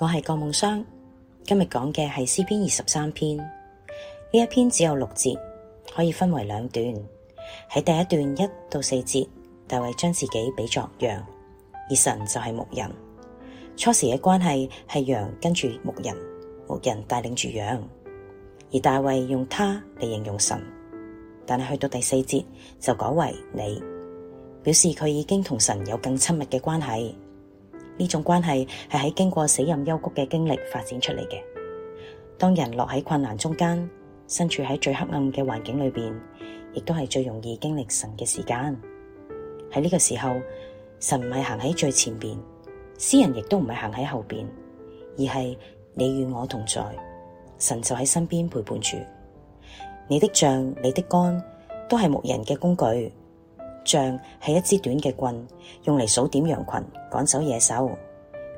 我係郭夢雙，今日講嘅係詩篇二十三篇。呢一篇只有六節，可以分為兩段。喺第一段一到四節，大衛將自己比作羊，而神就係牧人。初時嘅關係係羊跟住牧人，牧人帶領住羊。而大衛用他嚟形容神，但係去到第四節就改為你，表示佢已經同神有更親密嘅關係。呢種關係係喺經過死蔭幽谷嘅經歷發展出嚟嘅。當人落喺困難中間，身處喺最黑暗嘅環境裏邊，亦都係最容易經歷神嘅時間。喺呢個時候，神唔係行喺最前邊，詩人亦都唔係行喺後邊，而係你與我同在，神就喺身邊陪伴住。你的杖、你的竿，都係牧人嘅工具。杖係一支短嘅棍，用嚟數點羊群、趕走野獸；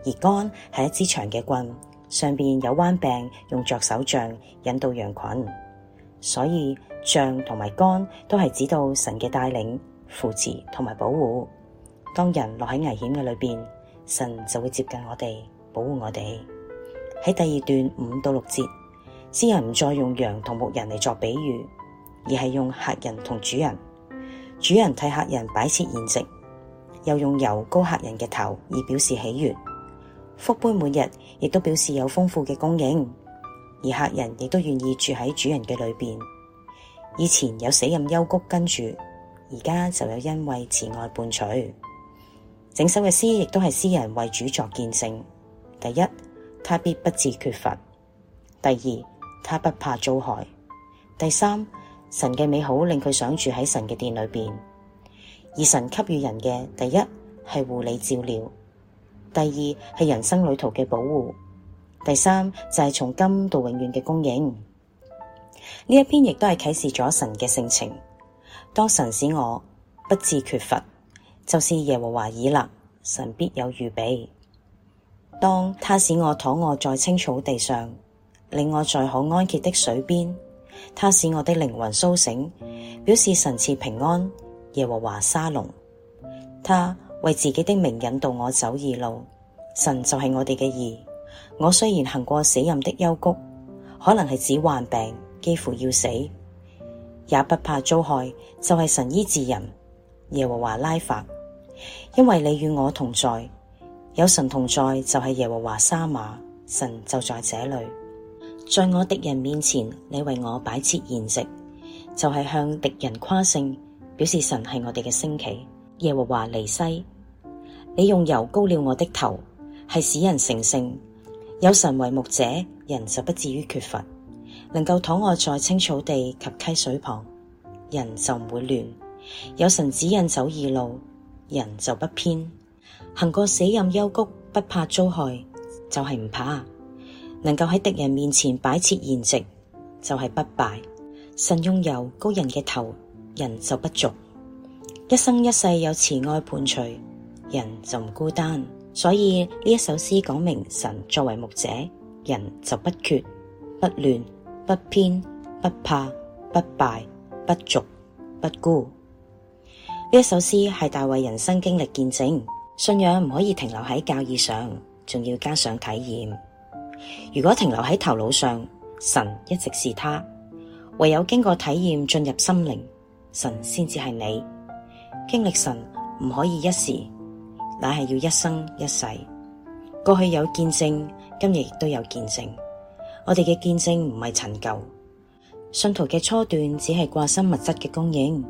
而竿係一支長嘅棍，上邊有彎柄，用作手杖引導羊群。所以杖同埋竿都係指到神嘅帶領、扶持同埋保護。當人落喺危險嘅裏邊，神就會接近我哋，保護我哋。喺第二段五到六節，詩人唔再用羊同牧人嚟作比喻，而係用客人同主人。主人替客人擺設筵席，又用油膏客人嘅頭，以表示喜悅。福杯滿溢亦都表示有豐富嘅供應，而客人亦都願意住喺主人嘅裏邊。以前有死蔭幽谷跟住，而家就有因為慈愛伴隨。整首嘅詩亦都係詩人為主作見證：第一，他必不致缺乏；第二，他不怕遭害；第三。神嘅美好令佢想住喺神嘅殿裏邊，而神給予人嘅第一係護理照料，第二係人生旅途嘅保護，第三就係、是、從今到永遠嘅供應。呢一篇亦都係啟示咗神嘅性情。當神使我不致缺乏，就是耶和華以勒，神必有預備。當他使我躺臥在青草地上，領我在可安歇的水邊。他使我的靈魂蘇醒，表示神賜平安。耶和華沙龍，他為自己的名引導我走義路。神就係我哋嘅義。我雖然行過死蔭的幽谷，可能係指患病幾乎要死，也不怕遭害，就係、是、神醫治人。耶和華拉法，因為你與我同在，有神同在就係耶和華沙馬，神就在這裏。在我敵人面前，你為我擺設筵席，就係、是、向敵人誇勝，表示神係我哋嘅旌旗。耶和華尼西，你用油膏了我的頭，係使人成聖。有神為牧者，人就不至於缺乏。能夠躺臥在青草地及溪水旁，人就唔會亂。有神指引走義路，人就不偏。行過死蔭幽谷，不怕遭害，就係、是、唔怕。能夠喺敵人面前擺設筵席，就係、是、不敗。神用油膏人嘅頭，人就不俗。一生一世有慈愛伴隨，人就唔孤單。所以呢一首詩講明神作為牧者，人就不缺、不亂、不偏、不怕、不敗、不足、不孤。呢一首詩係大衛人生經歷見證，信仰唔可以停留喺教義上，仲要加上體驗。如果停留喺頭腦上，神一直是他；唯有經過體驗進入心靈，神先至係你。經歷神唔可以一時，乃係要一生一世。過去有見證，今日亦都有見證。我哋嘅見證唔係陳舊。信徒嘅初段只係掛心物質嘅供應，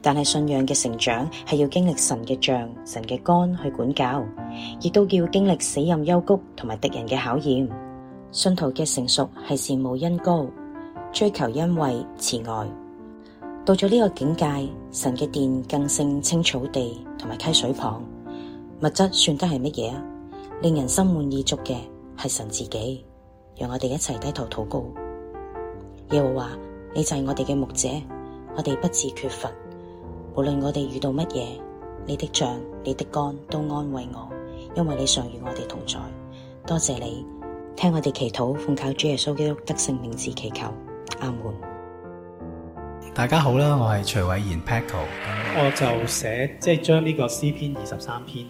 但係信仰嘅成長係要經歷神嘅杖、神嘅竿去管教，亦都要經歷死蔭幽谷同埋敵人嘅考驗。信徒嘅成熟係羨慕恩膏，追求恩惠慈愛。到咗呢個境界，神嘅殿更勝青草地同埋溪水旁。物質算得係乜嘢？令人心滿意足嘅係神自己。讓我哋一齊低頭禱告。耶和華，你就係我哋嘅牧者，我哋不致缺乏。無論我哋遇到乜嘢，你的杖、你的竿都安慰我，因為你常與我哋同在。多謝你。聽我哋祈禱，奉靠主耶穌基督得勝名字祈求，阿門。大家好啦，我係徐偉賢 Paco。Paco，嗯、我就寫即係將呢個詩篇二十三篇，誒、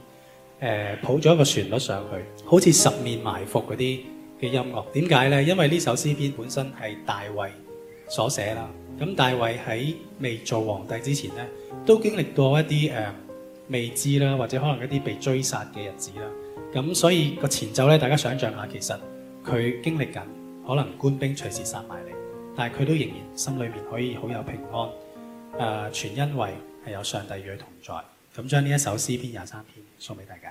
呃，譜咗一個旋律上去，好似十面埋伏嗰啲嘅音樂。點解咧？因為呢首詩篇本身係大衛所寫啦。咁大衛喺未做皇帝之前咧，都經歷過一啲誒、呃、未知啦，或者可能一啲被追殺嘅日子啦。咁所以個前奏呢，大家想象下，其實佢經歷緊，可能官兵隨時殺埋你，但係佢都仍然心裏面可以好有平安，誒、呃，全因為係有上帝與佢同在。咁將呢一首詩篇廿三篇送俾大家。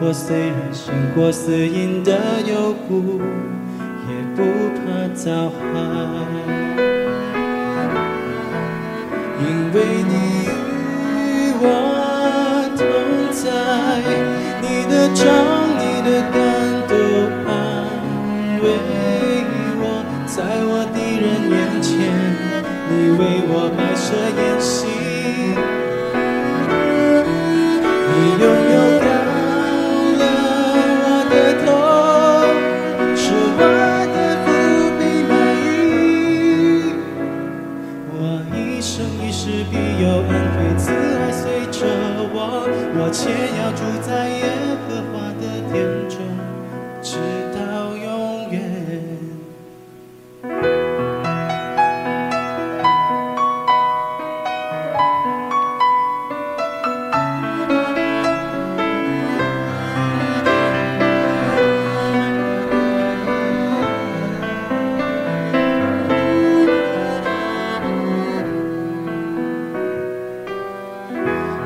我雖然行過死蔭的幽谷，也不怕遭害，因為你與我同在。你的杖，你的竿，都安慰我，在我敵人面前，你為我擺設筵席，你用。